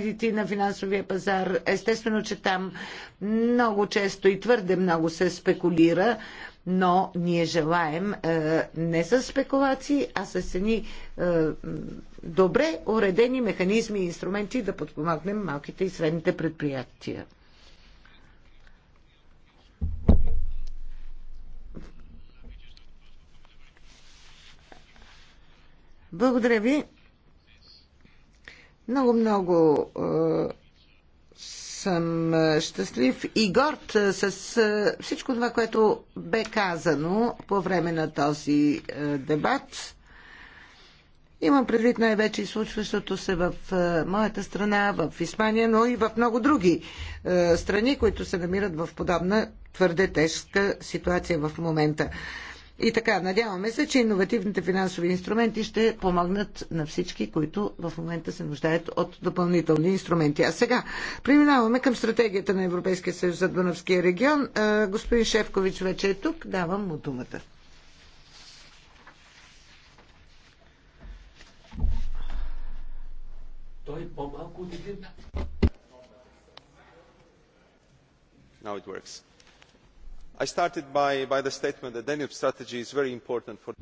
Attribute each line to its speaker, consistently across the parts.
Speaker 1: кредити на финансовия пазар. Естествено, че там много често и твърде много се спекулира, но ние желаем е, не с спекулации, а с едни е, добре уредени механизми и инструменти да подпомогнем малките и средните предприятия. Благодаря ви. Много-много е, съм е, щастлив и горд е, с всичко това, което бе казано по време на този дебат. Имам предвид най-вече и случващото се в моята страна, в Испания, но и в много други страни, които се намират в подобна твърде тежка ситуация в момента. И така, надяваме се, че иновативните финансови инструменти ще помогнат на всички, които в момента се нуждаят от допълнителни инструменти. А сега преминаваме към стратегията на Европейския съюз за Дунавския регион. Господин Шефкович вече е тук. Давам му думата.
Speaker 2: Той по-малко от
Speaker 1: един. Now it works. I started by, the statement that Danube strategy is very important for...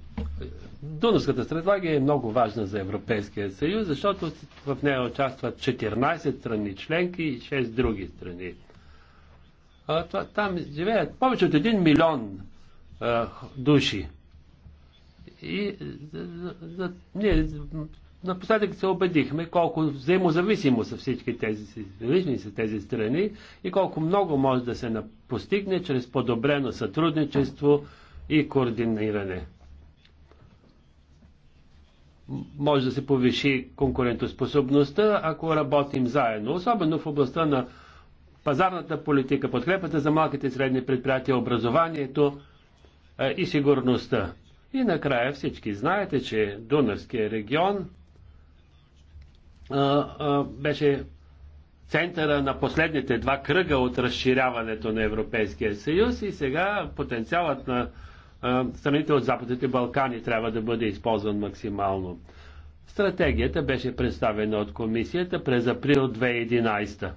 Speaker 2: Дунавската стратегия е много важна за Европейския съюз, защото в нея участват 14 страни членки и 6 други страни. А, това, там живеят повече от 1 милион а, души. И за, за, ние напоследък се убедихме колко взаимозависимо са всички тези, различни са тези страни и колко много може да се постигне чрез подобрено сътрудничество и координиране. Може да се повиши конкурентоспособността, ако работим заедно, особено в областта на пазарната политика, подкрепата за малките и средни предприятия, образованието е, и сигурността. И накрая всички знаете, че Дунавския регион беше центъра на последните два кръга от разширяването на Европейския съюз и сега потенциалът на страните от Западните Балкани трябва да бъде използван максимално. Стратегията беше представена от комисията през април 2011.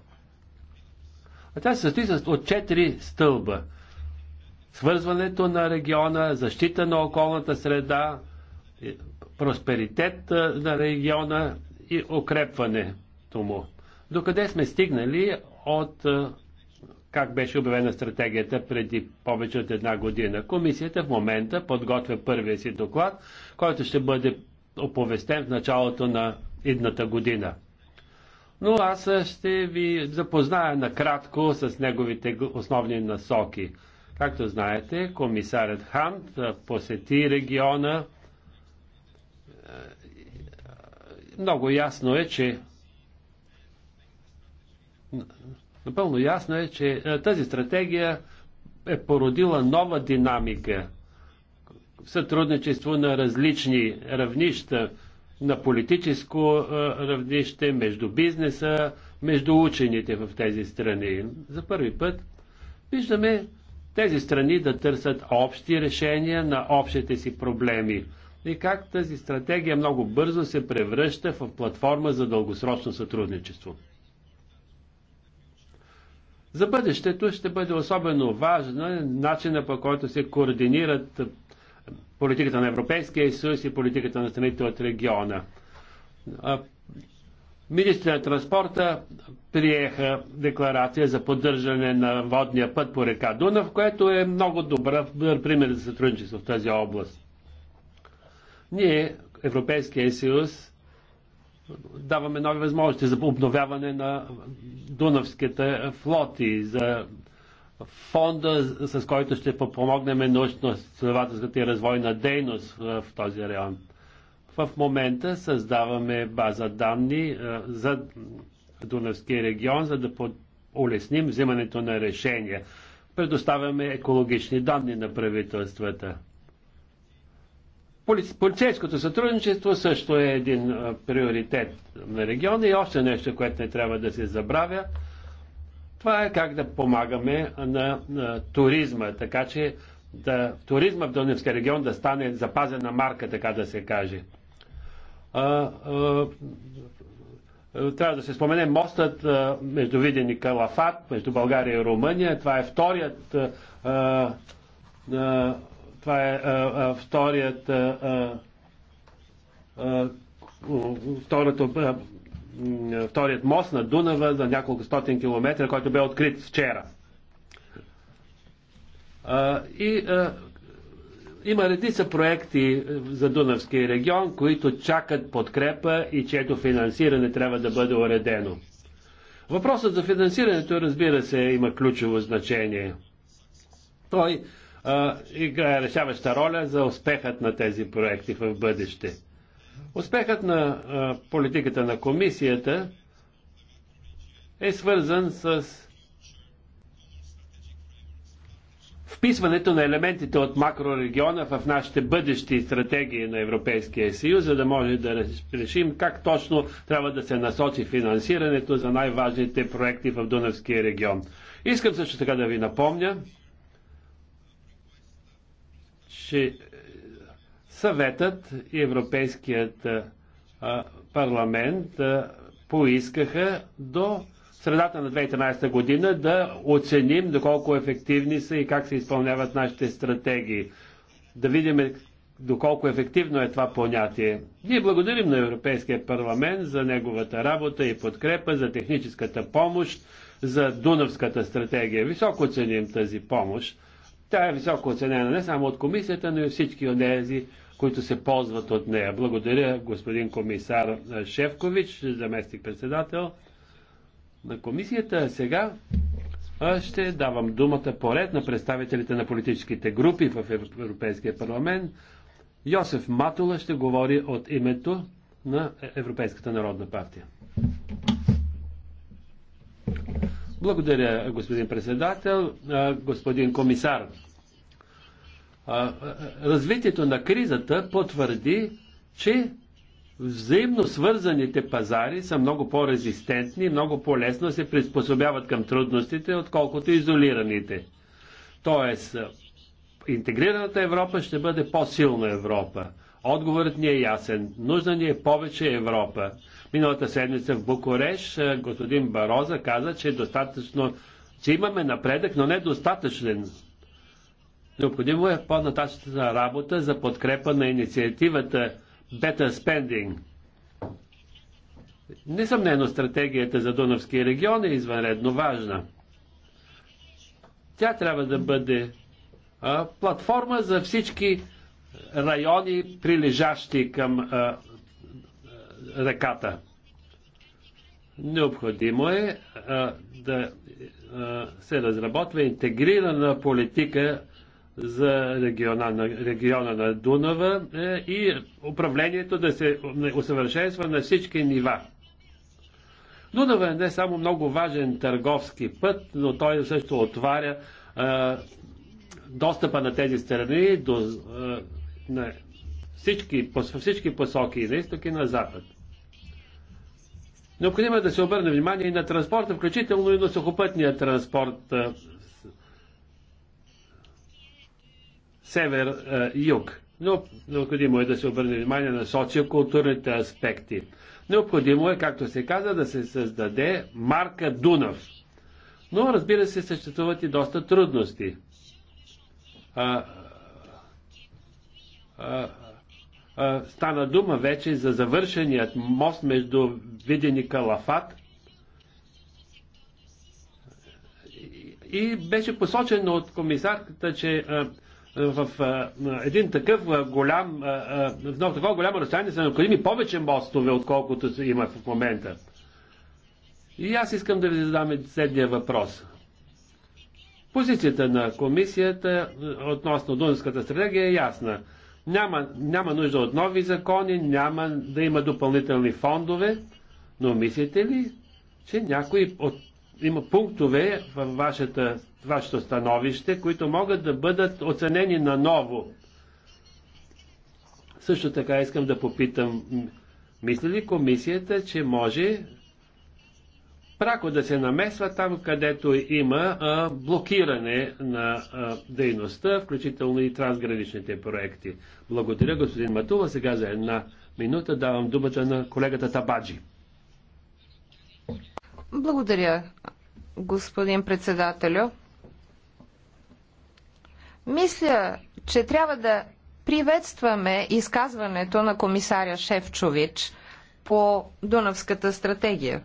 Speaker 2: А тя се състои от четири стълба. Свързването на региона, защита на околната среда, просперитет на региона и укрепването му. Докъде сме стигнали от как беше обявена стратегията преди повече от една година. Комисията в момента подготвя първия си доклад, който ще бъде оповестен в началото на едната година. Но аз ще ви запозная накратко с неговите основни насоки. Както знаете, комисарят Хант посети региона много ясно е, че напълно ясно е, че е, тази стратегия е породила нова динамика в сътрудничество на различни равнища, на политическо е, равнище, между бизнеса, между учените в тези страни. За първи път виждаме тези страни да търсят общи решения на общите си проблеми и как тази стратегия много бързо се превръща в платформа за дългосрочно сътрудничество. За бъдещето ще бъде особено важна начина по който се координират политиката на Европейския съюз и политиката на страните от региона. Министри на транспорта приеха декларация за поддържане на водния път по река Дунав, което е много добър пример за сътрудничество в тази област. Ние, Европейския съюз, даваме нови възможности за обновяване на Дунавските флоти, за фонда, с който ще помогнем научно-следователската и развойна дейност в този район. В момента създаваме база данни е, за Дунавския регион, за да улесним взимането на решения. Предоставяме екологични данни на правителствата. Полицейското сътрудничество също е един приоритет на региона и още нещо, което не трябва да се забравя. Това е как да помагаме на, на туризма, така че да, туризма в Дуневския регион да стане запазена марка, така да се каже. А, а, трябва да се спомене мостът между Виден и Калафат, между България и Румъния. Това е вторият това е а, а, вторият, а, а, второто, а, вторият мост на Дунава за няколко стотин километра, който бе открит вчера. А, и а, има редица проекти е, за Дунавския регион, които чакат подкрепа и чието финансиране трябва да бъде уредено. Въпросът за финансирането, разбира се, има ключово значение. Той играе решаваща роля за успехът на тези проекти в бъдеще. Успехът на политиката на комисията е свързан с вписването на елементите от макрорегиона в нашите бъдещи стратегии на Европейския съюз, за да може да решим как точно трябва да се насочи финансирането за най-важните проекти в Дунавския регион. Искам също така да ви напомня, че е, съветът и Европейският е, парламент е, поискаха до средата на 2013 година да оценим доколко ефективни са и как се изпълняват нашите стратегии. Да видим доколко ефективно е това понятие. Ние благодарим на Европейския парламент за неговата работа и подкрепа, за техническата помощ, за Дунавската стратегия. Високо ценим тази помощ. Тя е високо оценена не само от комисията, но и всички от тези, които се ползват от нея. Благодаря господин комисар Шевкович, заместник председател на комисията. Сега ще давам думата поред на представителите на политическите групи в Европейския парламент. Йосеф Матула ще говори от името на Европейската народна партия. Благодаря, господин председател, господин комисар. Развитието на кризата потвърди, че взаимно свързаните пазари са много по-резистентни, много по-лесно се приспособяват към трудностите, отколкото изолираните. Тоест, интегрираната Европа ще бъде по-силна Европа. Отговорът ни е ясен. Нужна ни е повече Европа. Миналата седмица в Букуреш господин Бароза каза, че, е достатъчно, че имаме напредък, но не достатъчен. Необходимо е по-нататъчна работа за подкрепа на инициативата Better Spending. Несъмнено стратегията за Дунавския регион е извънредно важна. Тя трябва да бъде а, платформа за всички райони, прилежащи към а, реката. Необходимо е а, да а, се разработва интегрирана политика за региона на, региона на Дунава е, и управлението да се усъвършенства на всички нива. Дунава е не само много важен търговски път, но той също отваря а, достъпа на тези страни до а, на всички, по, всички посоки, на изток и на запад. Необходимо е да се обърне внимание и на транспорта, включително и на сухопътния транспорт север-юг. Но необходимо е да се обърне внимание на социокултурните аспекти. Необходимо е, както се каза, да се създаде марка Дунав. Но, разбира се, съществуват и доста трудности. А, а, стана дума вече за завършеният мост между Виден и Калафат. И беше посочено от комисарката, че в един такъв голям, в едно такова голямо разстояние са необходими повече мостове, отколкото има в момента. И аз искам да ви задам следния въпрос. Позицията на комисията относно Дунската стратегия е ясна няма, няма нужда от нови закони, няма да има допълнителни фондове, но мислите ли, че някои от, има пунктове в вашата, вашето становище, които могат да бъдат оценени наново? Също така искам да попитам, мисли ли комисията, че може пряко да се намесва там, където има а, блокиране на а, дейността, включително и трансграничните проекти. Благодаря, господин Матула. Сега за една минута давам думата на колегата Табаджи.
Speaker 3: Благодаря, господин председателю. Мисля, че трябва да приветстваме изказването на комисаря Шефчович по Дунавската стратегия.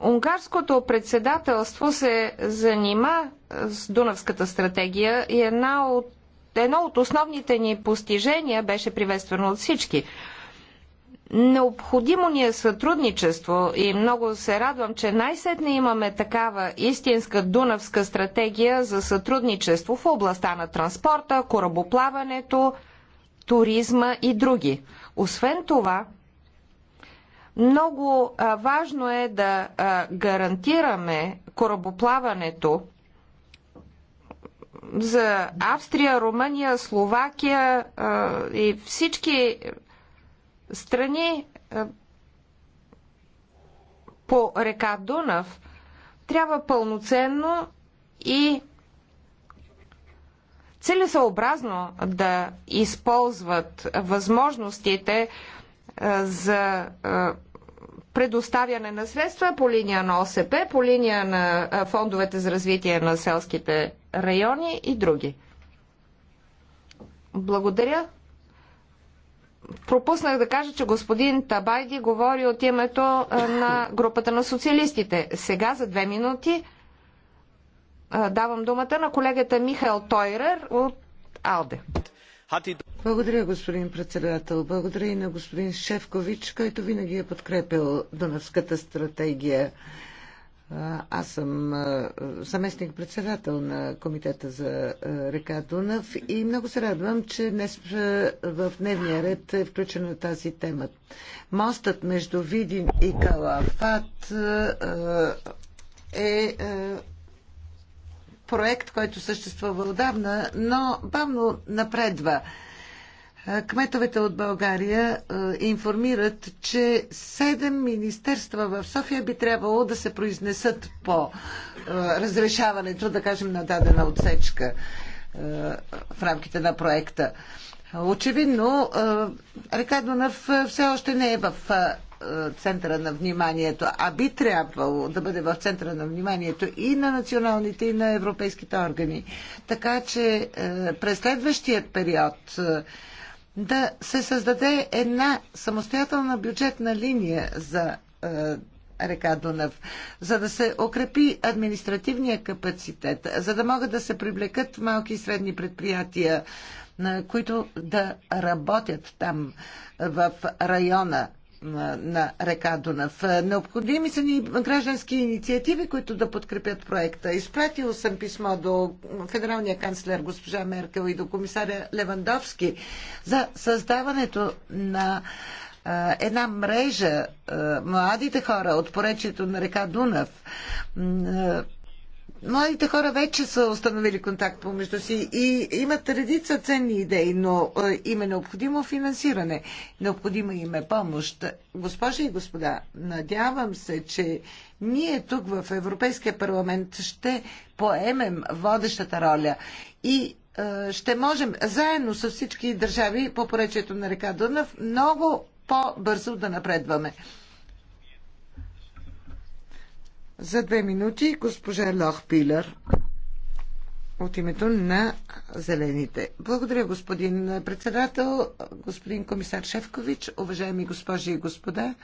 Speaker 3: Унгарското председателство се занима с Дунавската стратегия и една от, едно от основните ни постижения беше приветствано от всички. Необходимо ни е сътрудничество и много се радвам, че най-сетне имаме такава истинска Дунавска стратегия за сътрудничество в областта на транспорта, корабоплаването, туризма и други. Освен това, много важно е да гарантираме корабоплаването за Австрия, Румъния, Словакия и всички страни по река Дунав трябва пълноценно и Целесообразно да използват възможностите за предоставяне на средства по линия на ОСП, по линия на фондовете за развитие на селските райони и други. Благодаря. Пропуснах да кажа, че господин Табайди говори от името на групата на социалистите. Сега за две минути давам думата на колегата Михаил Тойрер от
Speaker 1: АЛДЕ. Благодаря, господин председател. Благодаря и на господин Шефкович, който винаги е подкрепил Дунавската стратегия. Аз съм заместник-председател на Комитета за река Дунав и много се радвам, че днес в дневния ред е включена тази тема. Мостът между Видин и Калафат е проект, който съществува отдавна, но бавно напредва. Кметовете от България информират, че седем министерства в София би трябвало да се произнесат по разрешаването, да кажем, на дадена отсечка в рамките на проекта. Очевидно, река Дунав все още не е в е, центъра на вниманието, а би трябвало да бъде в центъра на вниманието и на националните, и на европейските органи. Така че е, през следващия период е, да се създаде една самостоятелна бюджетна линия за река Дунав, за да се укрепи административния капацитет, за да могат да се привлекат малки и средни предприятия, които да работят там в района на река Дунав. Е, необходими са ни граждански инициативи, които да подкрепят проекта. Изпратил съм писмо до федералния канцлер госпожа Меркел и до комисаря Левандовски за създаването на е, една мрежа е, младите хора от поречието на река Дунав Младите хора вече са установили контакт помежду си и имат редица ценни идеи, но е, им е необходимо финансиране, необходима им е помощ. Госпожи и господа, надявам се, че ние тук в Европейския парламент ще поемем водещата роля и е, ще можем заедно с всички държави по поречието на река Дунав много по-бързо да напредваме. За две минути госпожа Лох Пилер от името на Зелените. Благодаря, господин председател, господин комисар Шефкович, уважаеми госпожи и господа.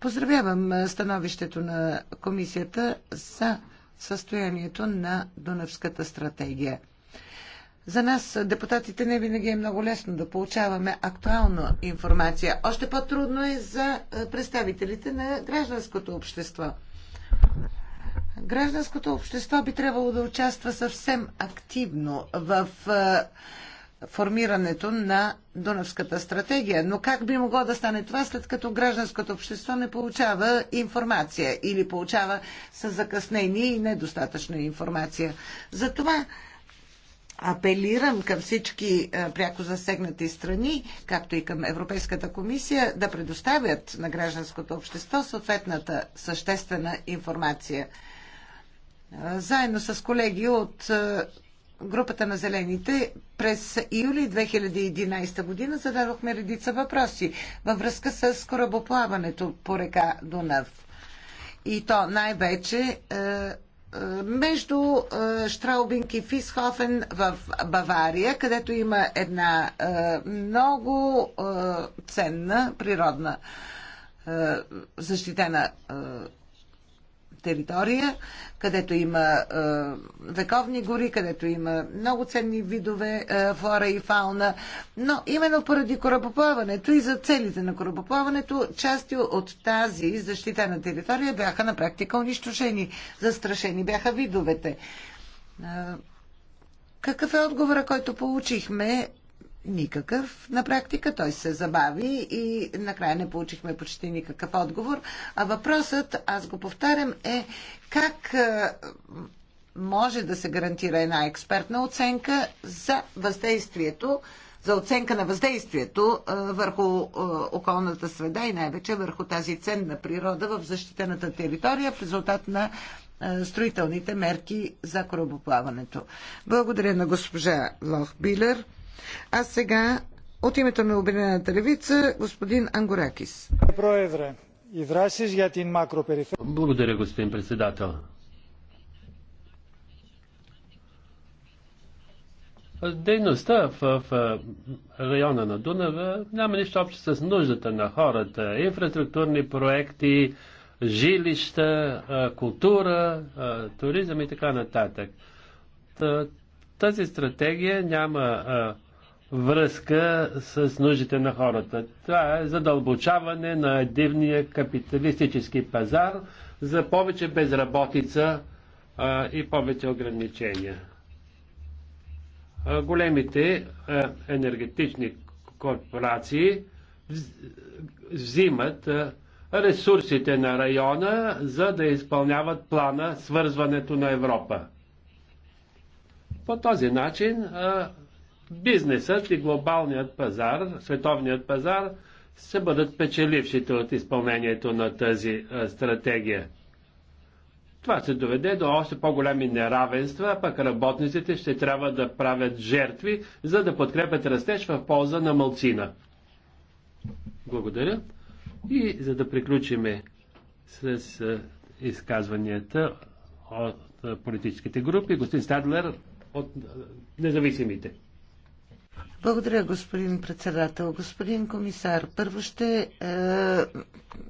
Speaker 1: Поздравявам становището на комисията за състоянието на Дунавската стратегия – за нас, депутатите, не винаги е много лесно да получаваме актуална информация. Още по-трудно е за е, представителите на гражданското общество. Гражданското общество би трябвало да участва съвсем активно в е, формирането на Дунавската стратегия. Но как би могло да стане това, след като гражданското общество не получава информация или получава с закъснение и недостатъчна информация? Затова това апелирам към всички е, пряко засегнати страни, както и към Европейската комисия, да предоставят на гражданското общество съответната съществена информация. Е, заедно с колеги от е, групата на зелените през юли 2011 година зададохме редица въпроси във връзка с корабоплаването по река Дунав. И то най-вече между Штраубинг и Фисхофен в Бавария, където има една много ценна природна защитена територия, където има е, вековни гори, където има много ценни видове е, флора и фауна. Но именно поради корабоплаването и за целите на корабоплаването, части от тази защитена територия бяха на практика унищожени, застрашени бяха видовете. Е, какъв е отговора, който получихме никакъв. На практика той се забави и накрая не получихме почти никакъв отговор. А въпросът, аз го повтарям, е как е, може да се гарантира една експертна оценка за въздействието, за оценка на въздействието е, върху е, околната среда и най-вече върху тази ценна природа в защитената територия в резултат на строителните мерки за корабоплаването. Благодаря на госпожа Лох Билер. А сега от името на Обединената левица господин Ангоракис.
Speaker 2: Благодаря, господин председател. Дейността в, в района на Дунава е, няма нищо общо с нуждата на хората. Инфраструктурни проекти, жилища, е, култура, е, туризъм и така нататък. Тази стратегия няма а, връзка с нуждите на хората. Това е задълбочаване на дивния капиталистически пазар за повече безработица а, и повече ограничения. А, големите а, енергетични корпорации взимат а, ресурсите на района, за да изпълняват плана свързването на Европа. По този начин бизнесът и глобалният пазар, световният пазар, ще бъдат печелившите от изпълнението на тази стратегия. Това ще доведе до още по-големи неравенства, пък работниците ще трябва да правят жертви, за да подкрепят растеж в полза на мълцина. Благодаря. И за да приключиме с изказванията от политическите групи, господин Стадлер, от е, независимите.
Speaker 1: Благодаря, господин председател. Господин комисар, първо ще е,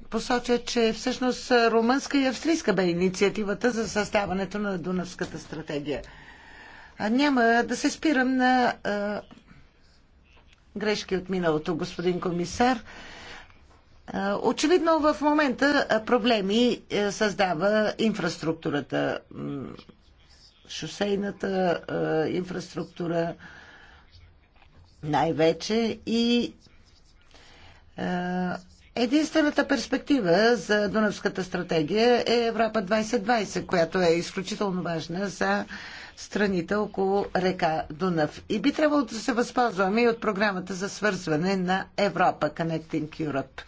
Speaker 1: посоча, че всъщност румънска и австрийска бе инициативата за съставането на Дунавската стратегия. А няма да се спирам на е, грешки от миналото, господин комисар. Е, очевидно в момента е, проблеми създава инфраструктурата шосейната а, инфраструктура най-вече и а, единствената перспектива за Дунавската стратегия е Европа 2020, която е изключително важна за страните около река Дунав. И би трябвало да се възползваме и от програмата за свързване на Европа, Connecting Europe.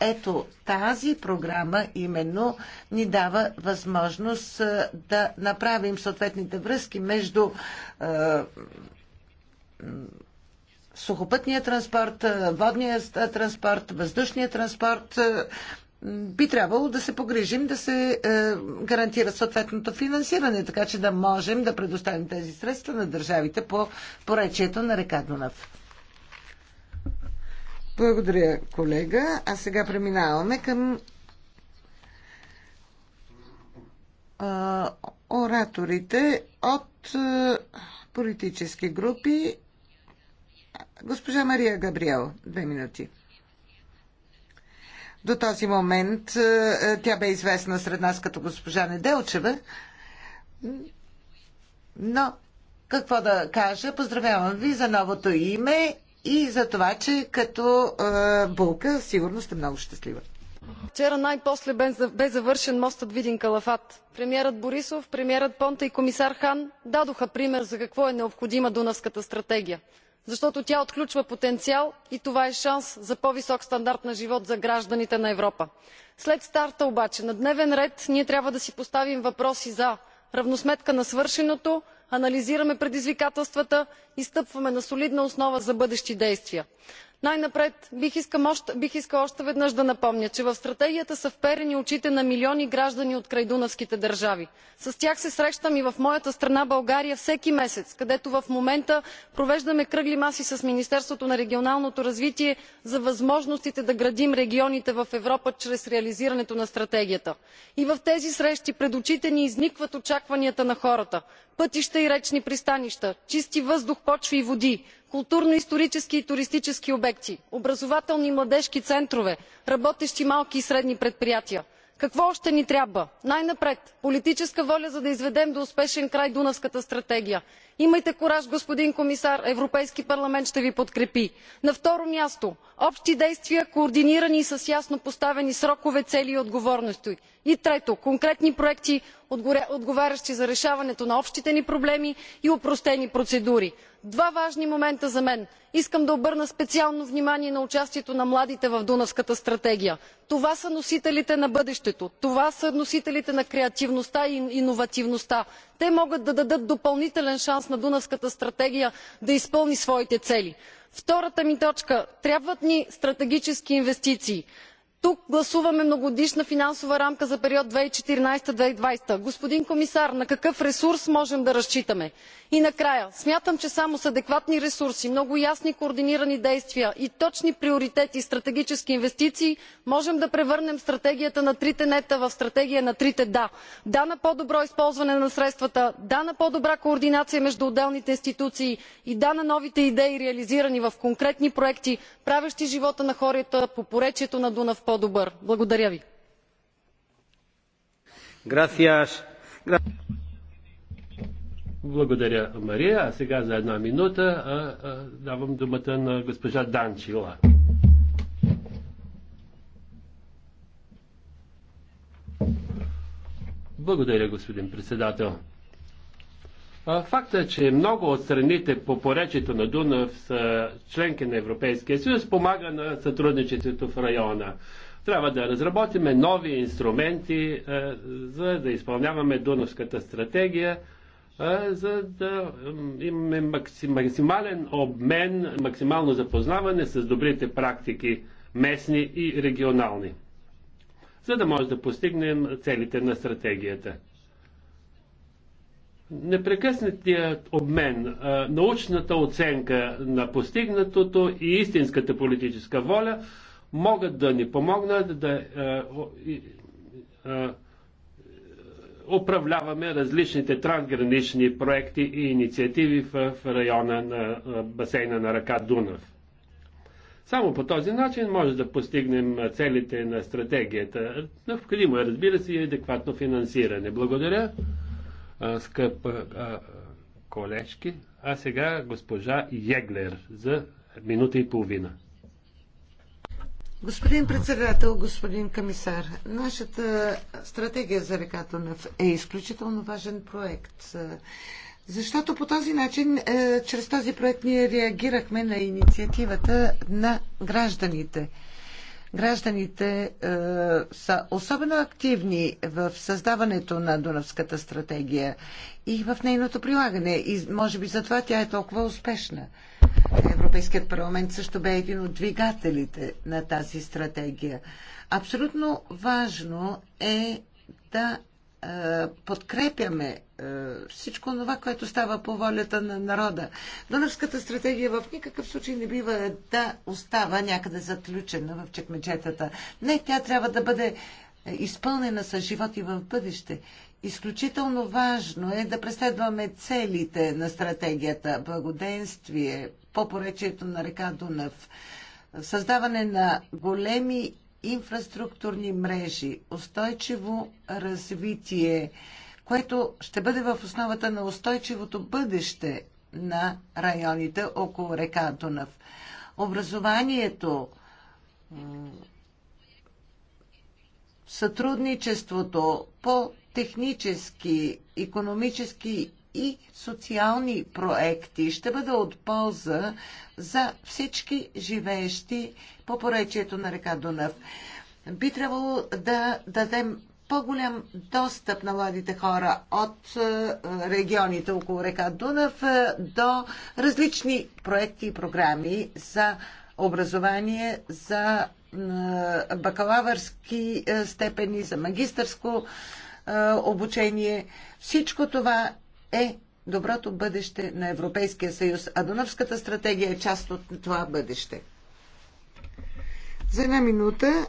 Speaker 1: Ето тази програма именно ни дава възможност да направим съответните връзки между е, сухопътния транспорт, водния транспорт, въздушния транспорт, би трябвало да се погрижим да се е, гарантира съответното финансиране, така че да можем да предоставим тези средства на държавите по поречието на река Дунав. Благодаря, колега. А сега преминаваме към а, е, ораторите от а, е, политически групи. Госпожа Мария Габриел, две минути. До този момент е, е, тя бе известна сред нас като госпожа Неделчева. Но какво да кажа? Поздравявам ви за новото име и за това, че като е, булка сигурно сте много щастлива.
Speaker 4: Вчера най-после бе завършен мостът Видин Калафат. Премьерът Борисов, премьерът Понта и комисар Хан дадоха пример за какво е необходима Дунавската стратегия защото тя отключва потенциал и това е шанс за по висок стандарт на живот за гражданите на европа. след старта обаче на дневен ред ние трябва да си поставим въпроси за равносметка на свършеното анализираме предизвикателствата и стъпваме на солидна основа за бъдещи действия най напред бих искала още веднъж да напомня че в стратегията са вперени очите на милиони граждани от крайдунавските държави. с тях се срещам и в моята страна българия всеки месец където в момента провеждаме кръгли маси с министерството на регионалното развитие за възможностите да градим регионите в европа чрез реализирането на стратегията. и в тези срещи пред очите ни изникват очакванията на хората пътища и речни пристанища чисти въздух почви и води културно исторически и туристически обекти образователни и младежки центрове работещи малки и средни предприятия. какво още ни трябва? най напред политическа воля за да изведем до успешен край дунавската стратегия имайте кураж господин комисар европейският парламент ще ви подкрепи. на второ място общи действия координирани и с ясно поставени срокове цели и отговорности. и трето конкретни проекти отговарящи за решаването на общите ни проблеми и опростени процедури. два важни момента за мен. искам да обърна специално внимание на участието на младите в дунавската стратегия. това са носителите на бъдещето това са носителите на креативността и иновативността те могат да дадат допълнителен шанс на дунавската стратегия да изпълни своите цели. втората ми точка трябват ни стратегически инвестиции тук гласуваме многогодишна финансова рамка за периода. две хиляди и четиринадесет две хиляди и господин комисар на какъв ресурс можем да разчитаме? и накрая смятам че само с адекватни ресурси много ясни координирани действия и точни приоритети и стратегически инвестиции можем да превърнем стратегията на трите нета в стратегия на трите да да на по добро използване на средствата да на по добра координация между отделните институции и да на новите идеи реализирани в конкретни проекти правещи живота на хората по поречието на дунав по добър. благодаря ви.
Speaker 2: Благодаря, Мария. А сега за една минута а, а, давам думата на госпожа Данчила. Благодаря, господин председател. Факта, е, че много от страните по поречето на Дунав са членки на Европейския съюз, помага на сътрудничеството в района. Трябва да разработиме нови инструменти, е, за да изпълняваме Дунавската стратегия, е, за да имаме максимален обмен, максимално запознаване с добрите практики, местни и регионални, за да може да постигнем целите на стратегията. Непрекъснатият обмен, научната оценка на постигнатото и истинската политическа воля могат да ни помогнат да управляваме различните трансгранични проекти и инициативи в района на басейна на ръка Дунав. Само по този начин може да постигнем целите на стратегията. Необходимо е, разбира се, и адекватно финансиране. Благодаря скъп колежки. А сега госпожа Еглер за минута и половина.
Speaker 1: Господин председател, господин комисар, нашата стратегия за реката Нъв е изключително важен проект. Защото по този начин, е, чрез този проект, ние реагирахме на инициативата на гражданите – Гражданите е, са особено активни в създаването на Дунавската стратегия и в нейното прилагане. И може би затова тя е толкова успешна. Европейският парламент също бе един от двигателите на тази стратегия. Абсолютно важно е да е, подкрепяме е, всичко това, което става по волята на народа. Дунавската стратегия в никакъв случай не бива да остава някъде заключена в чекмечетата. Не, тя трябва да бъде е, изпълнена с живот и в бъдеще. Изключително важно е да преследваме целите на стратегията благоденствие по поречието на река Дунав, създаване на големи инфраструктурни мрежи, устойчиво развитие, което ще бъде в основата на устойчивото бъдеще на районите около река Дунав. Образованието, сътрудничеството по технически, економически и социални проекти. Ще бъде от полза за всички живеещи по поречието на река Дунав. Би трябвало да дадем по-голям достъп на младите хора от е, регионите около река Дунав е, до различни проекти и програми за образование, за е, бакалавърски степени, за магистърско обучение. Всичко това е доброто бъдеще на Европейския съюз, а Дунавската стратегия е част от това бъдеще. За една минута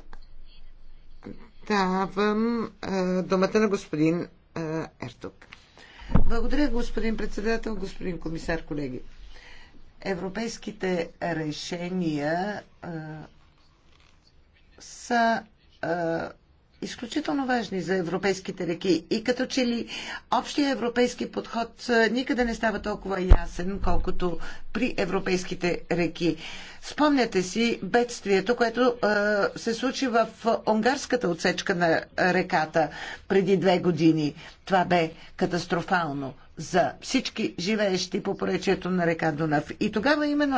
Speaker 1: давам е, думата на господин е, Ертук. Благодаря, господин председател, господин комисар, колеги. Европейските решения е, са изключително важни за европейските реки. И като че ли общия европейски подход никъде не става толкова ясен, колкото при европейските реки. Спомняте си бедствието, което е, се случи в унгарската отсечка на реката преди две години. Това бе катастрофално за всички живеещи по поречието на река Дунав. И тогава именно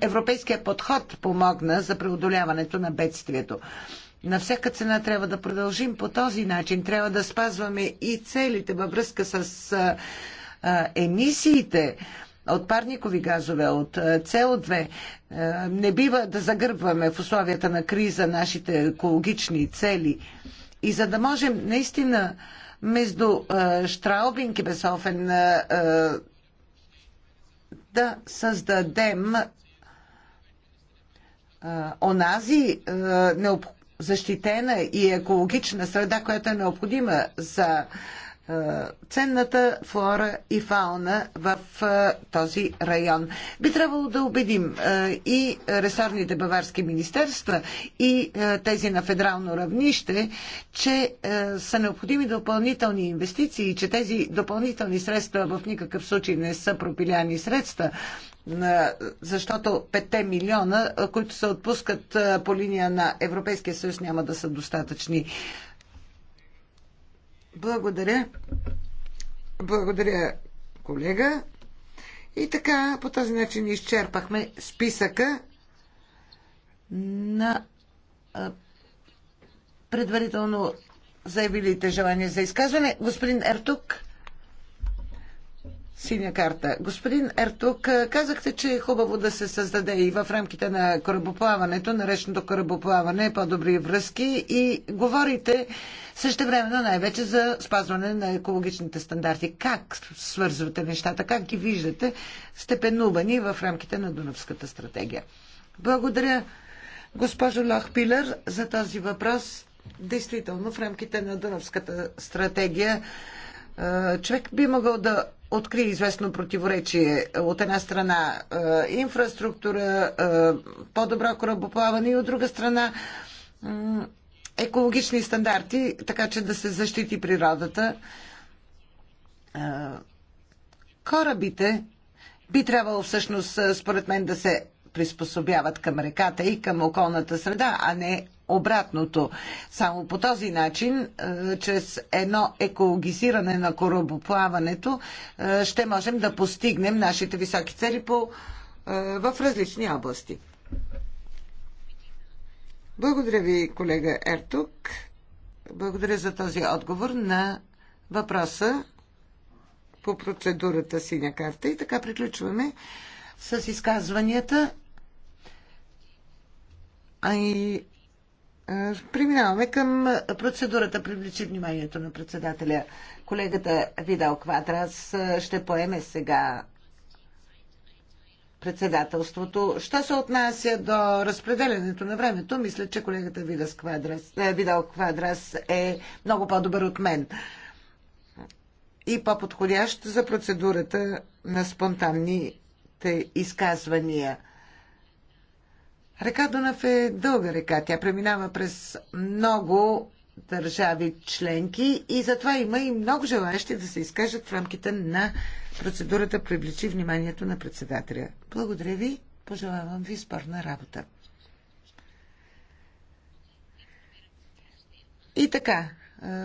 Speaker 1: европейския, подход помогна за преодоляването на бедствието на всяка цена трябва да продължим по този начин. Трябва да спазваме и целите във връзка с а, а, емисиите от парникови газове, от СО2. Не бива да загърбваме в условията на криза нашите екологични цели. И за да можем наистина между Штраубин и Бесофен да създадем онази необходимост, защитена и екологична среда, която е необходима за е, ценната флора и фауна в е, този район. Би трябвало да убедим е, и ресорните баварски министерства и тези на федерално равнище, че са необходими допълнителни инвестиции и че тези допълнителни средства в никакъв случай не са пропиляни средства, защото 5 милиона, които се отпускат по линия на Европейския съюз, няма да са достатъчни. Благодаря. Благодаря, колега. И така, по този начин изчерпахме списъка на предварително заявилите желания за изказване. Господин Ертук. Синя карта. Господин Ертук, казахте, че е хубаво да се създаде и в рамките на корабоплаването, на речното корабоплаване, по-добри връзки и говорите също времено най-вече за спазване на екологичните стандарти. Как свързвате нещата, как ги виждате степенувани в рамките на Дунавската стратегия? Благодаря, госпожо Лохпилер, за този въпрос. Действително, в рамките на Дунавската стратегия човек би могъл да откри известно противоречие. От една страна е, инфраструктура, е, по-добро корабоплаване и от друга страна екологични стандарти, така че да се защити природата. Е, корабите би трябвало всъщност, според мен, да се приспособяват към реката и към околната среда, а не обратното. Само по този начин, е, чрез едно екологизиране на корабоплаването, е, ще можем да постигнем нашите високи цели по, е, в различни области. Благодаря ви, колега Ертук. Благодаря за този отговор на въпроса по процедурата синя карта. И така приключваме с изказванията. А и Преминаваме към процедурата. Привлече вниманието на председателя. Колегата Видал Квадрас ще поеме сега председателството. Що се отнася до разпределянето на времето, мисля, че колегата Видас Квадрас, Видал Квадрас е много по-добър от мен и по-подходящ за процедурата на спонтанните изказвания – Река Дунав е дълга река. Тя преминава през много държави членки и затова има и много желаящи да се изкажат в рамките на процедурата привлечи вниманието на председателя. Благодаря ви. Пожелавам ви спорна работа. И така,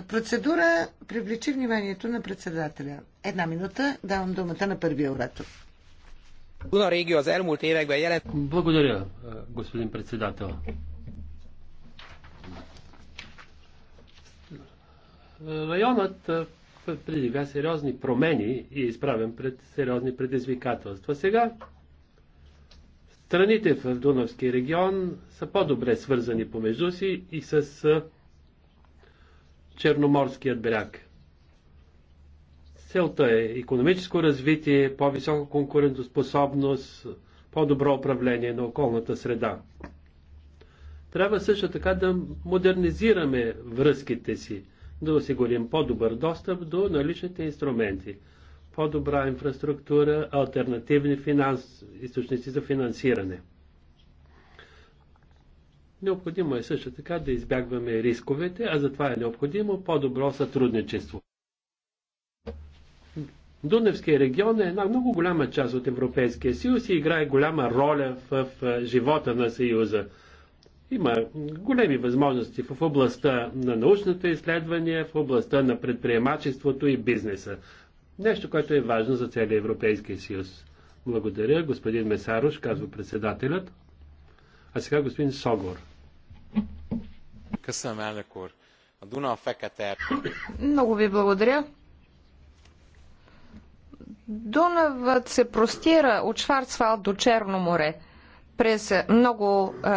Speaker 1: процедура привлечи вниманието на председателя. Една минута давам думата на първия оратор.
Speaker 2: Благодаря, е, господин председател. Е, районът е, предига сериозни промени и е изправен пред сериозни предизвикателства. Сега страните в Дунавския регион са по-добре свързани помежду си и с Черноморският бряг. Целта е економическо развитие, по-висока конкурентоспособност, по-добро управление на околната среда. Трябва също така да модернизираме връзките си, да осигурим по-добър достъп до наличните инструменти, по-добра инфраструктура, альтернативни финанс... източници за финансиране. Необходимо е също така да избягваме рисковете, а за това е необходимо по-добро сътрудничество. Дунавския регион е една много голяма част от Европейския съюз и играе голяма роля в, в живота на съюза. Има големи възможности в областта на научните изследвания, в областта на предприемачеството и бизнеса. Нещо, което е важно за целия Европейския съюз. Благодаря, господин Месаруш, казва председателят. А сега господин Согор.
Speaker 3: Е много ви благодаря. Дунавът се простира от Шварцвал до Черно море през много е,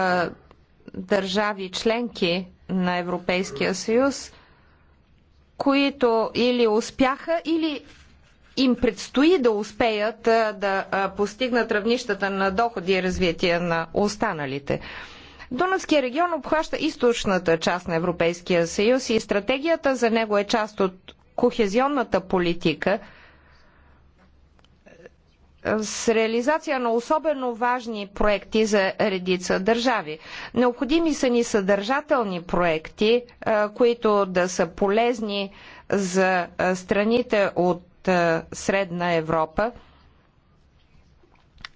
Speaker 3: държави членки на Европейския съюз, които или успяха, или им предстои да успеят да постигнат равнищата на доходи и развитие на останалите. Дунавския регион обхваща източната част на Европейския съюз и стратегията за него е част от кохезионната политика – с реализация на особено важни проекти за редица държави. Необходими са ни съдържателни проекти, които да са полезни за страните от Средна Европа.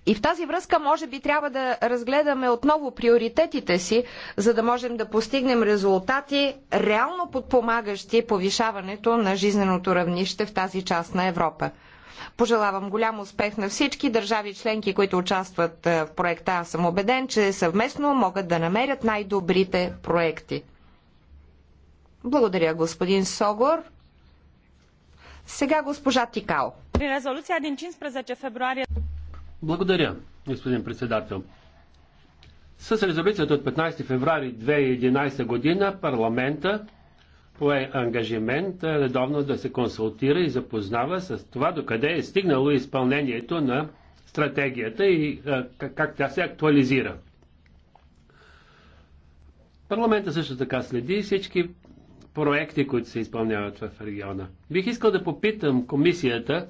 Speaker 3: И в тази връзка, може би, трябва да разгледаме отново приоритетите си, за да можем да постигнем резултати, реално подпомагащи повишаването на жизненото равнище в тази част на Европа. Пожелавам голям успех на всички държави членки, които участват е, в проекта. Аз съм убеден, че съвместно могат да намерят най-добрите проекти. Благодаря, господин Согор. Сега госпожа Тикао. При резолюция din 15 февруари...
Speaker 2: Благодаря, господин председател. С резолюцията от 15 феврари 2011 година парламента пое ангажимент редовно да се консултира и запознава с това докъде е стигнало изпълнението на стратегията и как тя се актуализира. Парламента също така следи всички проекти, които се изпълняват в региона. Бих искал да попитам комисията,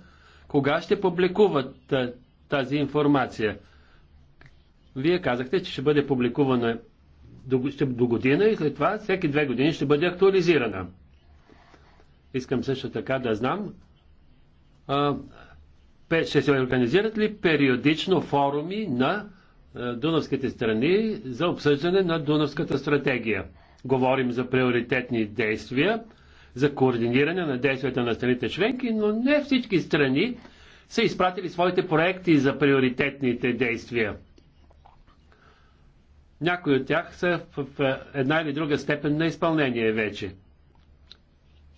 Speaker 2: кога ще публикуват тази информация. Вие казахте, че ще бъде публикувана до, ще, до година и след това всеки две години ще бъде актуализирана. Искам също така да знам, а, ще се организират ли периодично форуми на Дунавските страни за обсъждане на Дунавската стратегия. Говорим за приоритетни действия, за координиране на действията на страните членки, но не всички страни са изпратили своите проекти за приоритетните действия. Някои от тях са в една или друга степен на изпълнение вече.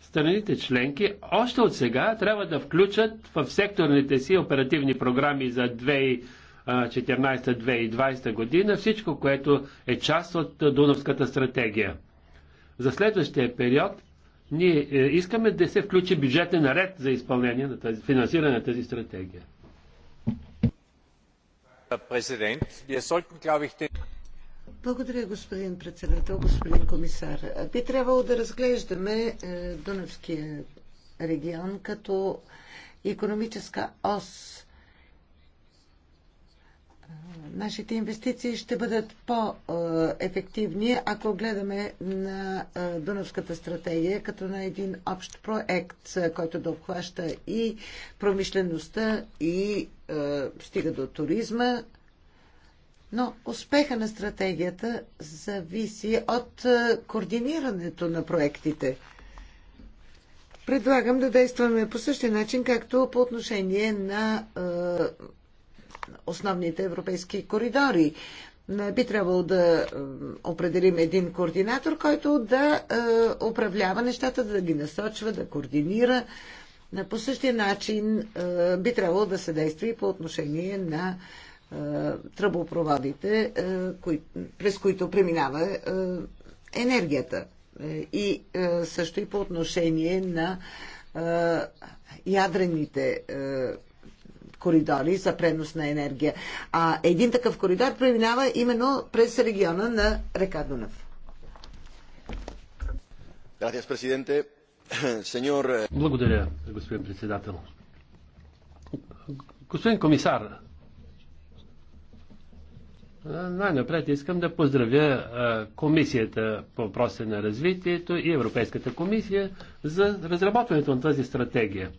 Speaker 2: Страните членки още от сега трябва да включат в секторните си оперативни програми за 2014-2020 година всичко, което е част от Дунавската стратегия. За следващия период ние е, искаме да се включи бюджетен наред за изпълнение на тази, финансиране на тази стратегия.
Speaker 1: Благодаря, господин председател, господин комисар. Би трябвало да разглеждаме е, Дунавския регион като економическа ос. Нашите инвестиции ще бъдат по-ефективни, ако гледаме на е, Дунавската стратегия като на един общ проект, който да обхваща и промишлеността, и е, стига до туризма, но успеха на стратегията зависи от е, координирането на проектите. Предлагам да действаме по същия начин, както по отношение на е, основните европейски коридори. Е, би трябвало да е, определим един координатор, който да е, управлява нещата, да ги насочва, да координира. По същия начин е, би трябвало да се действа и по отношение на е, е, тръбопроводите, е, през които преминава е, енергията. И също и по отношение на ядрените коридори за пренос на енергия. А един такъв коридор преминава именно през региона на река Дунав.
Speaker 2: Благодаря, господин председател. Господин комисар, най-напред искам да поздравя Комисията по въпроса на развитието и Европейската комисия за разработването на тази стратегия.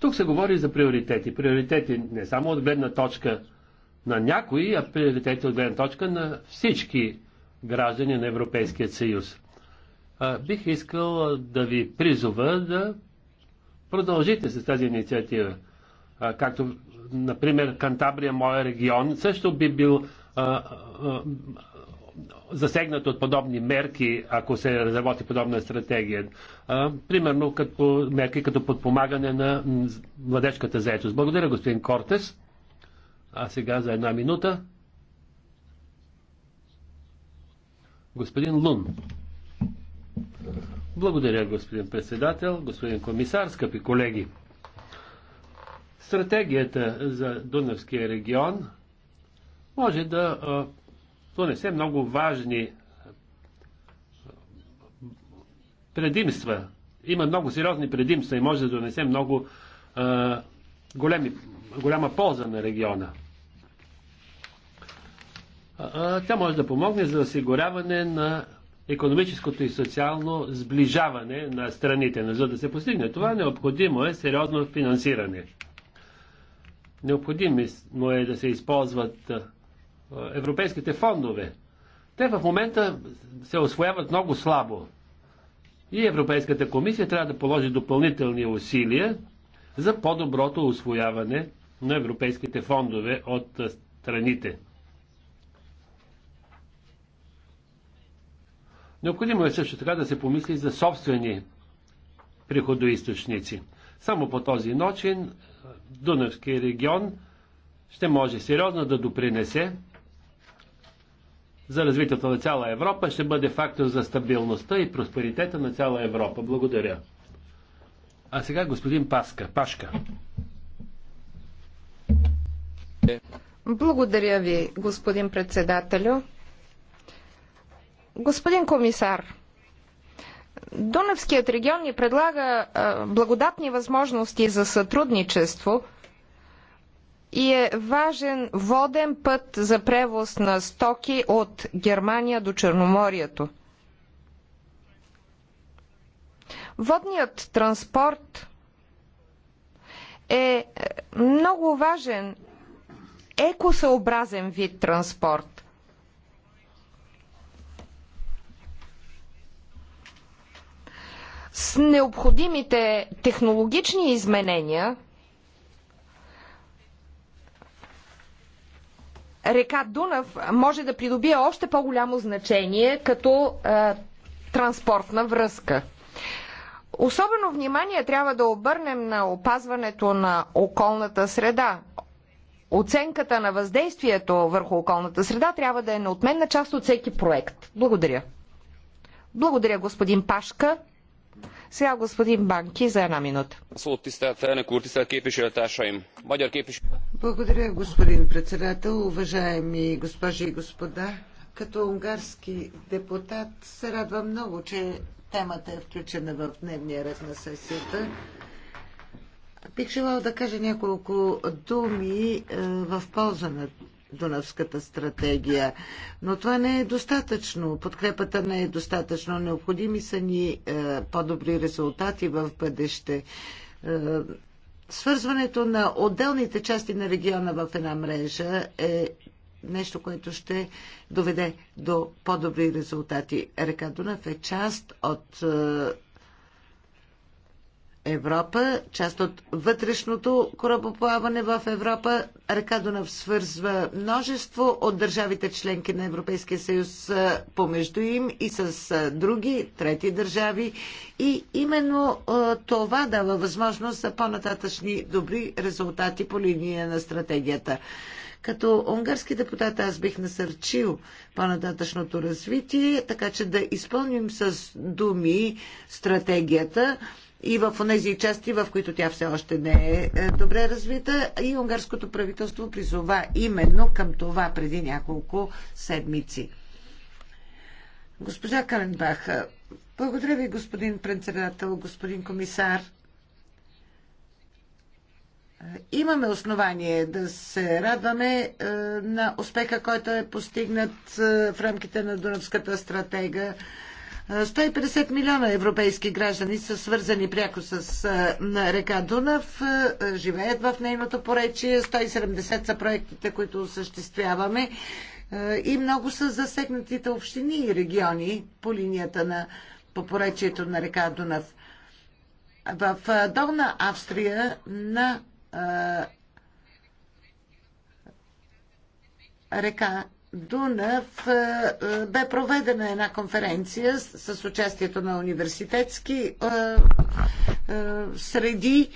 Speaker 2: Тук се говори за приоритети. Приоритети не само от гледна точка на някои, а приоритети от гледна точка на всички граждани на Европейския съюз. Бих искал да ви призова да продължите с тази инициатива. Както, например, Кантабрия, моя регион, също би бил засегнат от подобни мерки, ако се разработи подобна стратегия. Примерно като мерки като подпомагане на младежката заетост. Благодаря, господин Кортес. А сега за една минута. Господин Лун. Благодаря, господин председател, господин комисар, скъпи колеги. Стратегията за Дунавския регион може да донесе много важни предимства. Има много сериозни предимства и може да донесе много а, големи, голяма полза на региона. А, тя може да помогне за осигуряване на економическото и социално сближаване на страните. Но за да се постигне това, необходимо е сериозно финансиране. Необходимо е да се използват европейските фондове. Те в момента се освояват много слабо. И Европейската комисия трябва да положи допълнителни усилия за по-доброто освояване на европейските фондове от страните. Необходимо е също така да се помисли за собствени приходоисточници. Само по този начин Дунавския регион ще може сериозно да допринесе за развитието на цяла Европа, ще бъде фактор за стабилността и просперитета на цяла Европа. Благодаря. А сега господин Паска. Пашка.
Speaker 3: Благодаря ви, господин председателю. Господин комисар, Дунавският регион ни предлага благодатни възможности за сътрудничество – и е важен воден път за превоз на стоки от Германия до Черноморието. Водният транспорт е много важен екосъобразен вид транспорт. С необходимите технологични изменения – река Дунав може да придобие още по-голямо значение като е, транспортна връзка. Особено внимание трябва да обърнем на опазването на околната среда. Оценката на въздействието върху околната среда трябва да е неотменна част от всеки проект. Благодаря. Благодаря, господин Пашка.
Speaker 1: Сега господин Банки за една минута. Благодаря, господин председател. Уважаеми госпожи и господа, като унгарски депутат се радвам много, че темата е включена в дневния ред на сесията. Бих желала да кажа няколко думи е, в полза на Дунавската стратегия. Но това не е достатъчно. Подкрепата не е достатъчно. Необходими са ни е, по-добри резултати в бъдеще. Е, свързването на отделните части на региона в една мрежа е нещо, което ще доведе до по-добри резултати. Река Дунав е част от е, Европа, част от вътрешното корабоплаване в Европа. Река Дунав свързва множество от държавите членки на Европейския съюз помежду им и с други трети държави. И именно това дава възможност за по-нататъчни добри резултати по линия на стратегията. Като унгарски депутат аз бих насърчил по-нататъчното развитие, така че да изпълним с думи стратегията и в тези части, в които тя все още не е, е добре развита. И унгарското правителство призова именно към това преди няколко седмици. Госпожа Каленбах, благодаря ви, господин председател, господин комисар. Имаме основание да се радваме е, на успеха, който е постигнат е, в рамките на Дунавската стратегия 150 милиона европейски граждани са свързани пряко с река Дунав, живеят в нейното поречие, 170 са проектите, които осъществяваме и много са засегнатите общини и региони по линията на по поречието на река Дунав. В Долна Австрия на река Дунав е, е, бе проведена една конференция с, с участието на университетски е, среди,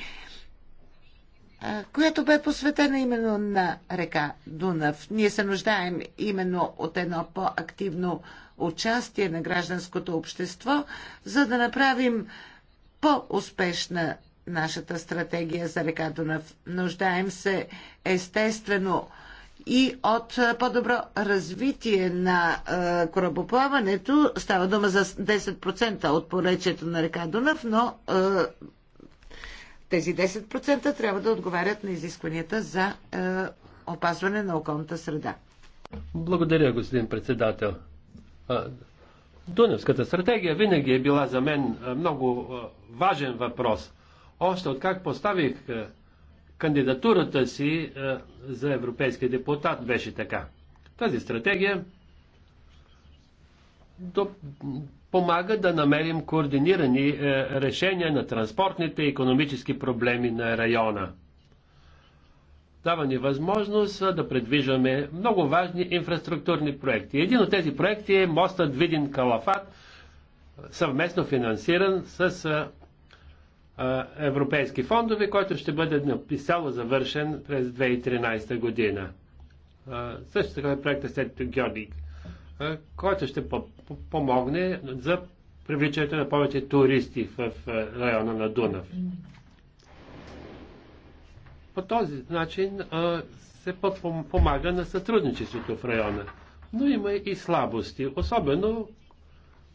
Speaker 1: която бе посветена именно на река Дунав. Ние се нуждаем именно от едно по-активно участие на гражданското общество, за да направим по-успешна нашата стратегия за река Дунав. Нуждаем се естествено и от е, по-добро развитие на е, корабоплаването. Става дума за 10% от поречието на река Дунав, но е, тези 10% трябва да отговарят на изискванията за опазване на околната среда.
Speaker 2: Благодаря, господин председател. Дунавската стратегия винаги е била за мен много важен въпрос. Още от как поставих кандидатурата си е, за европейски депутат беше така. Тази стратегия помага да намерим координирани е, решения на транспортните и економически проблеми на района. Дава ни възможност е, да предвижваме много важни инфраструктурни проекти. Един от тези проекти е мостът Видин Калафат, съвместно финансиран с европейски фондове, който ще бъде написало завършен през 2013 година. Също така е проекта след Георгик, който ще помогне за привличането на повече туристи в района на Дунав. По този начин се помага на сътрудничеството в района. Но има и слабости, особено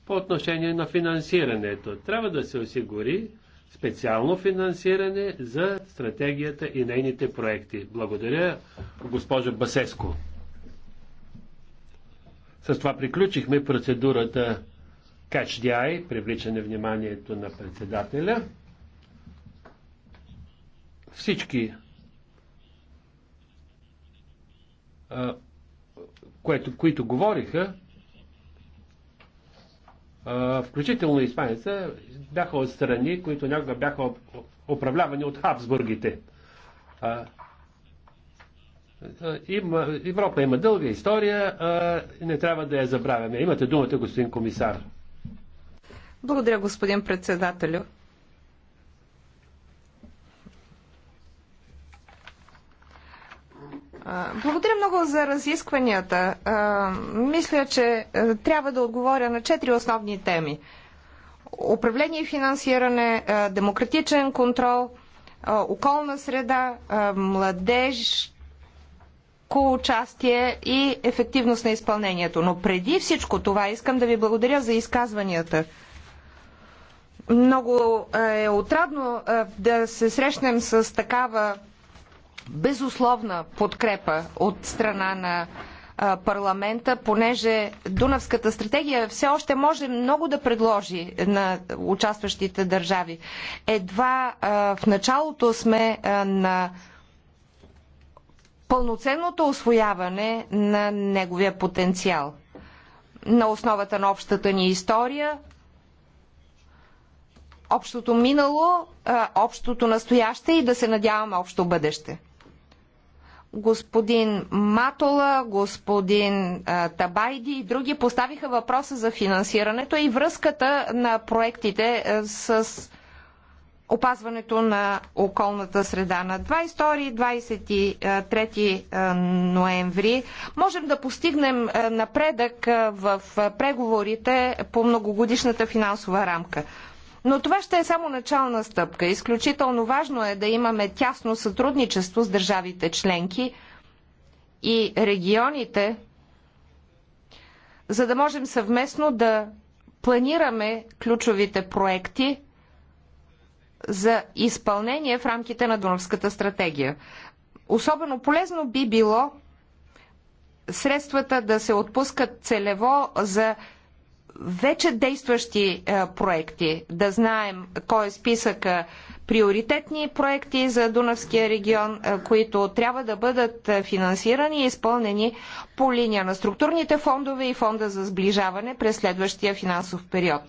Speaker 2: по отношение на финансирането. Трябва да се осигури специално финансиране за стратегията и нейните проекти. Благодаря, госпожа Басеско. С това приключихме процедурата Catch the Eye, привличане вниманието на председателя. Всички, което, които говориха, включително и испанеца, бяха от страни, които някога бяха управлявани от Хабсбургите. Има, Европа има дълга история и не трябва да я забравяме. Имате думата, господин комисар.
Speaker 3: Благодаря, господин председателю. Благодаря много за разискванията. Мисля, че трябва да отговоря на четири основни теми управление и финансиране, демократичен контрол, околна среда, младежко участие и ефективност на изпълнението. Но преди всичко това искам да ви благодаря за изказванията. Много е отрадно да се срещнем с такава безусловна подкрепа от страна на парламента, понеже Дунавската стратегия все още може много да предложи на участващите държави. Едва в началото сме на пълноценното освояване на неговия потенциал. На основата на общата ни история, общото минало, общото настояще и да се надяваме общо бъдеще господин Матола, господин а, Табайди и други поставиха въпроса за финансирането и връзката на проектите с опазването на околната среда. На 22-23 ноември можем да постигнем напредък в преговорите по многогодишната финансова рамка. Но това ще е само начална стъпка. Изключително важно е да имаме тясно сътрудничество с държавите членки и регионите, за да можем съвместно да планираме ключовите проекти за изпълнение в рамките на Дунавската стратегия. Особено полезно би било средствата да се отпускат целево за вече действащи е, проекти, да знаем кой е списъка е, приоритетни проекти за Дунавския регион, е, които трябва да бъдат финансирани и изпълнени по линия на структурните фондове и фонда за сближаване през следващия финансов период.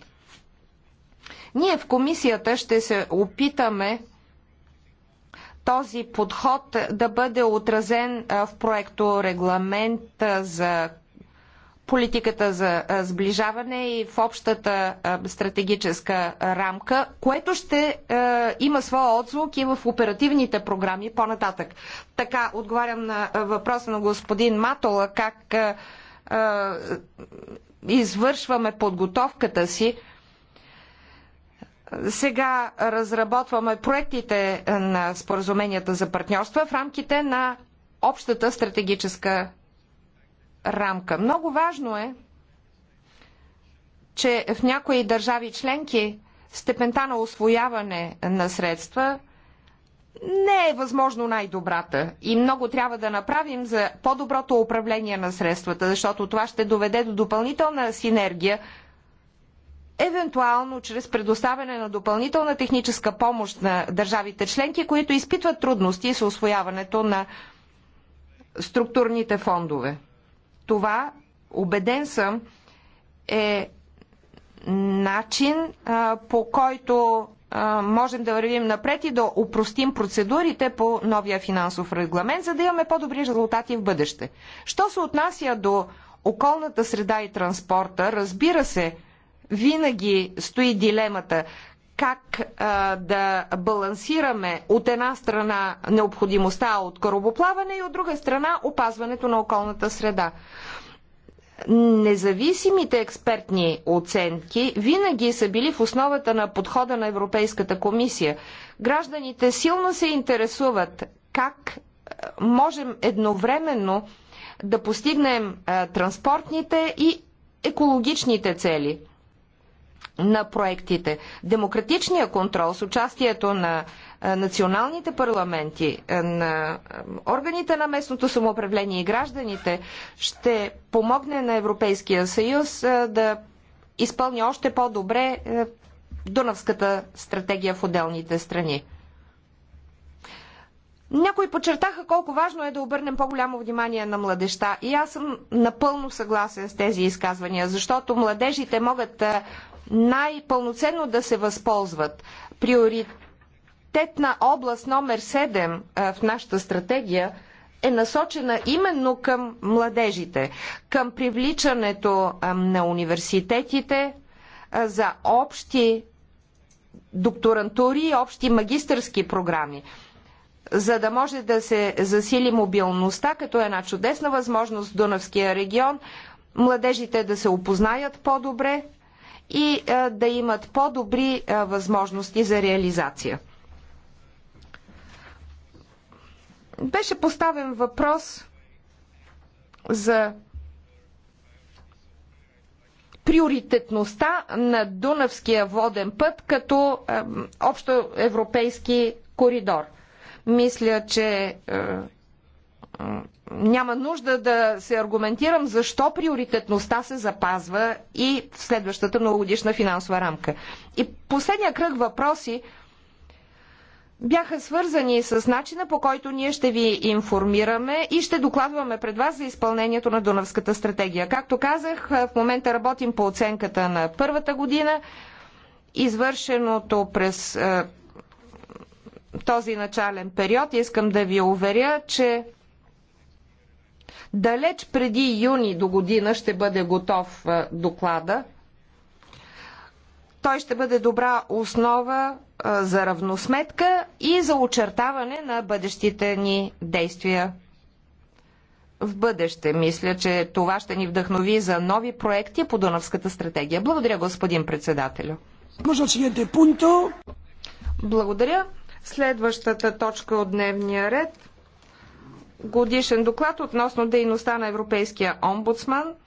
Speaker 3: Ние в комисията ще се опитаме този подход да бъде отразен в проекто регламент за политиката за сближаване и в общата стратегическа рамка, което ще има своя отзвук и в оперативните програми по-нататък. Така, отговарям на въпроса на господин Матола, как извършваме подготовката си. Сега разработваме проектите на споразуменията за партньорства в рамките на общата стратегическа рамка. Много важно е, че в някои държави членки степента на освояване на средства не е възможно най-добрата и много трябва да направим за по-доброто управление на средствата, защото това ще доведе до допълнителна синергия, евентуално чрез предоставяне на допълнителна техническа помощ на държавите членки, които изпитват трудности с освояването на структурните фондове. Това, убеден съм, е начин а, по който а, можем да вървим напред и да упростим процедурите по новия финансов регламент, за да имаме по-добри резултати в бъдеще. Що се отнася до околната среда и транспорта, разбира се, винаги стои дилемата как а, да балансираме от една страна необходимостта от корабоплаване и от друга страна опазването на околната среда. Независимите експертни оценки винаги са били в основата на подхода на Европейската комисия. Гражданите силно се интересуват как можем едновременно да постигнем а, транспортните и екологичните цели на проектите. Демократичния контрол с участието на националните парламенти, на органите на местното самоуправление и гражданите ще помогне на Европейския съюз да изпълни още по-добре Дунавската стратегия в отделните страни. Някои подчертаха колко важно е да обърнем по-голямо внимание на младеща. И аз съм напълно съгласен с тези изказвания, защото младежите могат най-пълноценно да се възползват. Приоритетна област номер 7 в нашата стратегия е насочена именно към младежите, към привличането на университетите за общи докторантури и общи магистърски програми за да може да се засили мобилността, като е една чудесна възможност в Дунавския регион, младежите да се опознаят по-добре и да имат по-добри възможности за реализация. Беше поставен въпрос за приоритетността на Дунавския воден път като общоевропейски коридор. Мисля, че няма нужда да се аргументирам защо приоритетността се запазва и в следващата многогодишна финансова рамка. И последния кръг въпроси бяха свързани с начина по който ние ще ви информираме и ще докладваме пред вас за изпълнението на Дунавската стратегия. Както казах, в момента работим по оценката на първата година, извършеното през е, този начален период. Искам да ви уверя, че Далеч преди юни до година ще бъде готов е, доклада. Той ще бъде добра основа е, за равносметка и за очертаване на бъдещите ни действия в бъдеще. Мисля, че това ще ни вдъхнови за нови проекти по Дунавската стратегия. Благодаря, господин председателю. Благодаря. Следващата точка от дневния ред
Speaker 4: годишен доклад относно дейността на Европейския омбудсман –